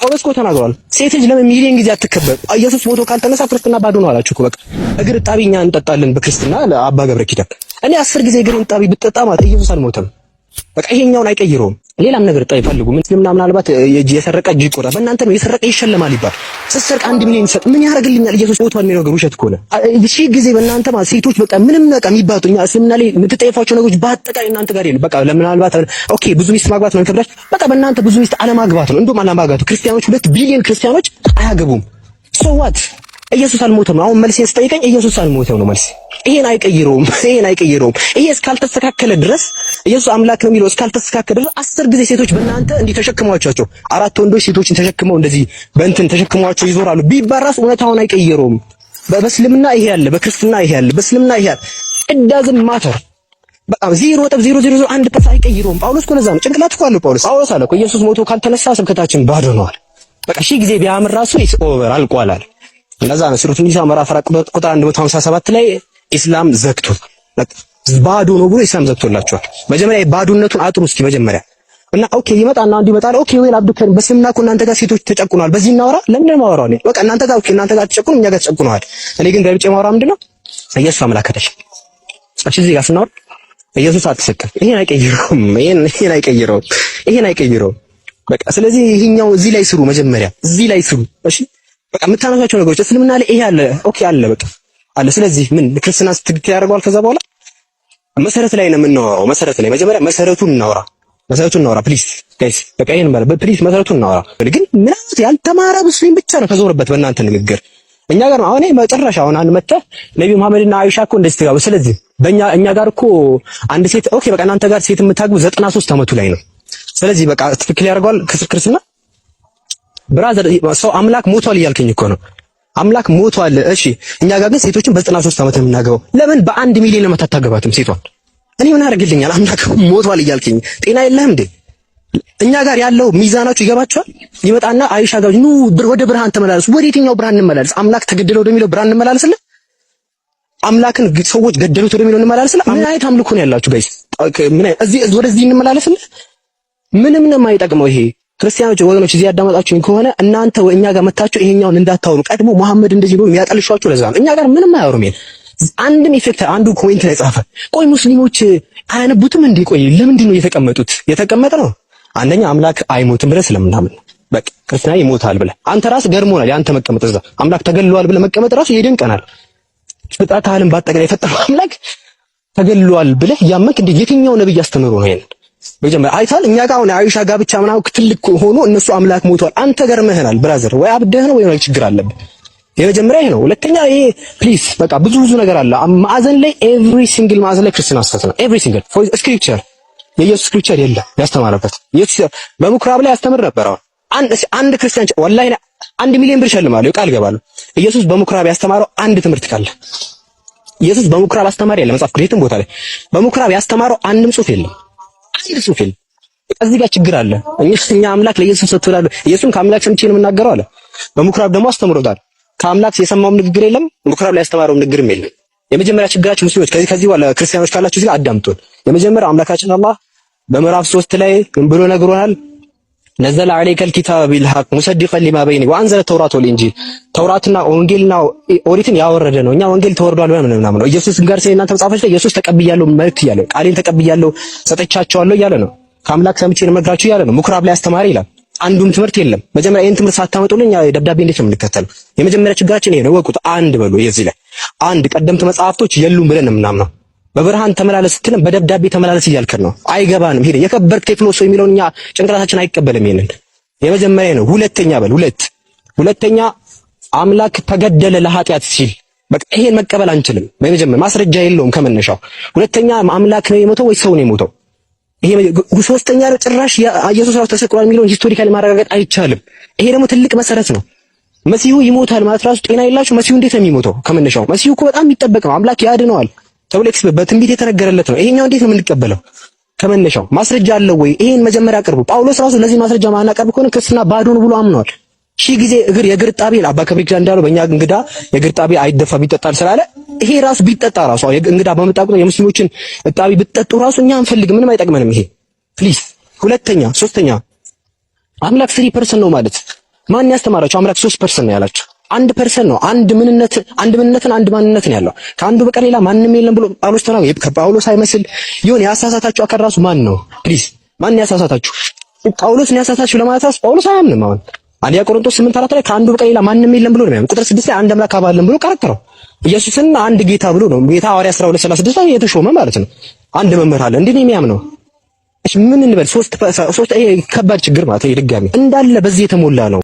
ጳውሎስ ተናግሯል። ሴት ልጅ ለምን ሚሊዮን ጊዜ አትከበር? ኢየሱስ ሞቶ ካልተነሳ ክርስትና ባዶ ነው አላችሁ እኮ። በቃ እግር እጣቢ እኛ እንጠጣለን በክርስትና ለአባ ገብረ ኪዳን። እኔ አስር ጊዜ እግር እጣቢ ብጠጣ ማለት ኢየሱስ አልሞተም። በቃ ይሄኛውን አይቀይረውም። ሌላም ነገር አይፈልጉም። እስልምና ምናልባት የሰረቀ እጅ ይቆረጥ፣ በእናንተ ነው የሰረቀ ይሸለማል ይባል። ስትሰርቅ አንድ ሚሊዮን ይሰጥ ምን ያደርግልኛል? ኢየሱስ ሞቷል የሚለው ነገር ውሸት ከሆነ እሺ ጊዜ በእናንተ ሴቶች በቃ ምንም በቃ የሚባጡ እኛ እስልምና ላይ የምትጠይፏቸው ነገሮች በአጠቃላይ እናንተ ጋር የለም። በቃ ለምናልባት ኦኬ ብዙ ሚስት ማግባት ነው ከብዳችሁ፣ በቃ በእናንተ ብዙ ሚስት አለማግባት ነው። እንደውም አለማግባቱ ክርስቲያኖች ሁለት ቢሊዮን ክርስቲያኖች አያገቡም። ሶ ዋት ኢየሱስ አልሞተም ነው። አሁን መልሴን ስጠይቀኝ ኢየሱስ አልሞተም ነው መልሴ። ይሄን አይቀይረውም፣ ይሄን አይቀይረውም። ይሄ እስካልተስተካከለ ድረስ ኢየሱስ አምላክ ነው የሚለው እስካልተስተካከለ ድረስ አስር ጊዜ ሴቶች በእናንተ እንዲህ ተሸክሟቸው፣ አራት ወንዶች ሴቶችን ተሸክመው እንደዚህ በእንትን ተሸክሟቸው ይዞራሉ ቢባራስ እውነታውን አይቀይረውም። በእስልምና ይሄ ያለ፣ በክርስትና ይሄ ያለ፣ በእስልምና ይሄ አለ። እዳዝም ማተር በቃ ዜሮ ነጥብ ዜሮ ዜሮ አንድ ፐርሰንት አይቀይረውም። ጳውሎስ እኮ ለዛ ነው ጭንቅላት እኮ አለው ጳውሎስ ጳውሎስ አለ እኮ ኢየሱስ ሞቶ ካልተነሳ ስብከታችን ባዶ ነዋል። በቃ ሺህ ጊዜ ቢያምር ራሱ ኦቨር አልቋላል። ለዛ ነው ሱረቱ ኒሳ ምዕራፍ ቁጥር 157 ላይ ኢስላም ዘግቶ ባዶ ነው ብሎ ኢስላም ዘግቶላቸዋል። መጀመሪያ ባዶነቱን አጥሩ እስኪ መጀመሪያ እና ኦኬ ይመጣና አንዱ ይመጣል። ኦኬ ወይ አብዱ ከን በስልምና እኮ እናንተ ጋር ሴቶች ተጨቁነዋል። በዚህ እናወራ ለምን ማወራው ነው? በቃ እናንተ ጋር ኦኬ፣ እናንተ ጋር ተጨቁኑ፣ እኛ ጋር ተጨቁነዋል። እኔ ግን ገብጬ ማወራ ምንድነው? ኢየሱስ አምላክ እሺ፣ እዚህ ጋር ስናወራ ኢየሱስ አልተሰቀለም። ይሄን አይቀይረውም። ይሄን ይሄን አይቀይረውም። ይሄን አይቀይረውም። በቃ ስለዚህ ይሄኛው እዚህ ላይ ስሩ፣ መጀመሪያ እዚህ ላይ ስሩ። እሺ በቃ የምታነሷቸው ነገሮች እስልምና ላይ ይሄ አለ፣ ኦኬ አለ፣ በቃ አለ። ስለዚህ ምን ክርስትና ስትግት ያደርገዋል። ከዛ በኋላ መሰረት ላይ ነው የምናወራው። መሰረት ላይ መጀመሪያ መሰረቱን እናውራ፣ መሰረቱን እናውራ። ፕሊስ ጋይስ፣ በቃ ይሄን ማለት በፕሊስ መሰረቱን እናውራ። ግን ምናልባት ያልተማረ ብስሉኝ ብቻ ነው ተዞርበት በእናንተ ንግግር እኛ ጋር አሁን መጨረሻ አሁን አንድ መጥተህ ነቢ መሐመድና አይሻ እኮ እንደዚህ ተጋቡ። ስለዚህ በእኛ እኛ ጋር እኮ አንድ ሴት ኦኬ፣ በቃ እናንተ ጋር ሴት የምታግቡ ዘጠና ሶስት ዓመቱ ላይ ነው። ስለዚህ በቃ ትክክል ያደርገዋል ክርስትና ብራዘር ሰው አምላክ ሞቷል እያልከኝ እኮ ነው። አምላክ ሞቷል። እሺ እኛ ጋር ግን ሴቶችን በ93 ዓመት የምናገባው ለምን በአንድ ሚሊዮን ዓመት አታገባትም ሴቷን? እኔ ምን አደርግልኛል? አምላክ ሞቷል እያልከኝ ጤና የለህም እንዴ? እኛ ጋር ያለው ሚዛናችሁ ይገባችኋል። ይመጣና አይሻ ጋር ኑ ወደ ብርሃን ተመላለሱ። ወደ የትኛው ብርሃን እንመላለስ? አምላክ ተገደለ ወደሚለው ብርሃን እንመላለስልን? አምላክን ሰዎች ገደሉት ወደሚለው እንመላለስልን? ምን አይነት አምልኮ ነው ያላችሁ ጋይስ? ምን ወደዚህ እንመላለስልን? ምንም ነው የማይጠቅመው ይሄ ክርስቲያኖች ወገኖች እዚህ ያዳመጣችሁኝ ከሆነ እናንተ እኛ ጋር መታችሁ ይሄኛውን እንዳታወሩ። ቀድሞ መሐመድ እንደዚህ ነው የሚያጠልሿችሁ ለዛ ነው። እኛ ጋር ምንም አያወሩም። አንድም ኢፌክት አንዱ ኮሜንት ላይ ጻፈ። ቆይ ሙስሊሞች አያነቡትም እንዴ? ቆይ ለምንድን ነው የተቀመጡት? የተቀመጠ ነው አንደኛ አምላክ አይሞትም ብለህ ስለምናምን በቃ ክርስቲያን ይሞታል ብለህ አንተ ራስህ ገርሞናል። የአንተ መቀመጥ እዛ አምላክ ተገልሏል ብለህ መቀመጥ ራሱ ይደንቀናል። ፍጥረተ ዓለም ባጠቃላይ የፈጠረው አምላክ ተገልሏል ብለህ ያመንክ እንዴ? የትኛው ነብይ አስተምሮ ነው ይሄን? መጀመሪያ አይታል እኛ ጋር አሁን አይሻ ጋር ብቻ ምናምን ትልቅ ሆኖ እነሱ አምላክ ሞቷል። አንተ ገርመህናል ብራዘር፣ ወይ አብደህ ነው ወይ ነው ችግር አለብህ። የመጀመሪያ ይሄ ነው። ሁለተኛ ይሄ ፕሊስ፣ በቃ ብዙ ብዙ ነገር አለ ማዕዘን ላይ ኤቭሪ ሲንግል ማዕዘን ላይ ክርስቲያን ሐሰት ነው። ኤቭሪ ሲንግል ፎር ስክሪፕቸር የኢየሱስ ስክሪፕቸር የለም ያስተማረበት። ኢየሱስ በምኩራብ ላይ ያስተምር ነበር። አሁን አንድ ክርስቲያን ወላሂ አንድ ሚሊዮን ብር እሸልምሃለሁ፣ ቃል እገባለሁ። ኢየሱስ በምኩራብ ያስተማረው አንድ ትምህርት ካለ ኢየሱስ በምኩራብ አስተማሪ የለም። መጽሐፍ ቅዱስ የትም ቦታ ላይ በምኩራብ ያስተማረው አንድም ጽሑፍ የለም። ሲሪየስ ፊል እዚህ ጋር ችግር አለ። እኛ አምላክ ለኢየሱስ ሰጥቶላል። ኢየሱስን ከአምላክ ሰምቼ ነው የምናገረው አለ። በምኩራብ ደግሞ አስተምሮታል። ከአምላክ የሰማውም ንግግር የለም፣ ምኩራብ ላይ ያስተማረውም ንግግርም የለም። የመጀመሪያ ችግራችን ሙስሊሞች፣ ከዚህ ከዚህ በኋላ ክርስቲያኖች ካላችሁ እዚህ ጋር አዳምጡን። የመጀመሪያው አምላካችን አላህ በምዕራፍ ሶስት ላይ ምን ብሎ ነግሮናል? ነዘለ ዐለይከ ልኪታበ ቢልሐቅ ሙሰዲቀን ሊማ በይነ ወአንዘለ ተውራት ወልኢንጂል ተውራትና ወንጌልና ኦሪትን ያወረደ ነው። እኛ ወንጌል ተወርዷል ብለን ምንም ነው። ኢየሱስ ጋር ሲል እናንተ መጽሐፎች ላይ ኢየሱስ ተቀብያለሁ መልእክት እያለ ቃሌን ተቀብያለሁ ሰጠቻቸዋለሁ እያለ ነው። ከአምላክ ሰምቼ እነግራችሁ እያለ ነው። ምኩራብ ላይ አስተማሪ ይላል። አንዱም ትምህርት የለም። መጀመሪያ ይህን ትምህርት ሳታመጡልኝ ደብዳቤ እንዴት ነው የምንከተለው? የመጀመሪያ ችግራችን ይሄ ነው። ወቁት አንድ በሉ የዚህ ላይ አንድ ቀደምት መጽሐፍቶች የሉም ብለን በብርሃን ተመላለስ ስትልም በደብዳቤ ተመላለስ እያልከን ነው። አይገባንም። ሄደ የከበርክ ቴክኖስ የሚለውን እኛ ጭንቅላታችን አይቀበልም። ይሄንን የመጀመሪያ ነው። ሁለተኛ በል ሁለት ሁለተኛ አምላክ ተገደለ ለኃጢአት ሲል በቃ ይሄን መቀበል አንችልም። በመጀመር ማስረጃ የለውም ከመነሻው። ሁለተኛ አምላክ ነው የሞተው ወይ ሰው ነው የሞተው? ይሄ ሶስተኛ ጭራሽ ኢየሱስ ራሱ ተሰቅሏል የሚለውን ሂስቶሪካሊ ማረጋገጥ አይቻልም። ይሄ ደግሞ ትልቅ መሰረት ነው። መሲሁ ይሞታል ማለት ራሱ ጤና የላችሁ። መሲሁ እንዴት ነው የሚሞተው? ከመነሻው መሲሁ እኮ በጣም የሚጠበቅ ነው። አምላክ ያድነዋል። ተብሎ በትንቢት የተነገረለት ነው። ይሄኛው እንዴት ነው የምንቀበለው? ከመነሻው ማስረጃ አለው ወይ? ይሄን መጀመሪያ አቅርቡ። ጳውሎስ ራሱ ለዚህ ማስረጃ ማናቀርብ ከሆነ ክርስትና ባዶ ነው ብሎ አምኗል። ሺህ ጊዜ እግር የእግር ጣቢ አባ ከብሪ እንዳለው በእኛ እንግዳ የእግር ጣቢ አይደፋ ቢጠጣል ስላለ ይሄ ራሱ ቢጠጣ ራሱ እንግዳ በመጣ ቁጥር የሙስሊሞችን እጣቢ ብጠጡ ራሱ እኛ አንፈልግ ምንም አይጠቅመንም። ይሄ ፕሊስ። ሁለተኛ ሶስተኛ አምላክ ስሪ ፐርሰን ነው ማለት ማን ያስተማራቸው? አምላክ ሶስት ፐርሰን ነው ያላቸው አንድ ፐርሰን ነው። አንድ ምንነት አንድ ምንነትን አንድ ማንነት ነው ያለው። ከአንዱ በቀር ሌላ ማንም የለም ብሎ ጳውሎስ ተናግሮ ከጳውሎስ አይመስል ይሁን። ያሳሳታችሁ አካል ራሱ ማን ነው? ፕሊዝ ማን ያሳሳታችሁ? ጳውሎስ ነው ያሳሳታችሁ ለማለት ጳውሎስ አያምንም። አሁን አንደኛ ቆሮንቶስ 8 4 ላይ ከአንዱ በቀር ሌላ ማንም የለም ብሎ ነው ያለው። ቁጥር 6 ላይ አንድ አምላክ አብ ብሎ ቀረቀረው። ኢየሱስና አንድ ጌታ ብሎ ነው ጌታ ሐዋርያ 12 36 ላይ የተሾመ ማለት ነው። አንድ መምህር አለ እንዴ ነው የሚያምነው ምን እንበል ሶስት ከባድ ችግር ማለት ነው። ድጋሚ እንዳለ በዚህ የተሞላ ነው።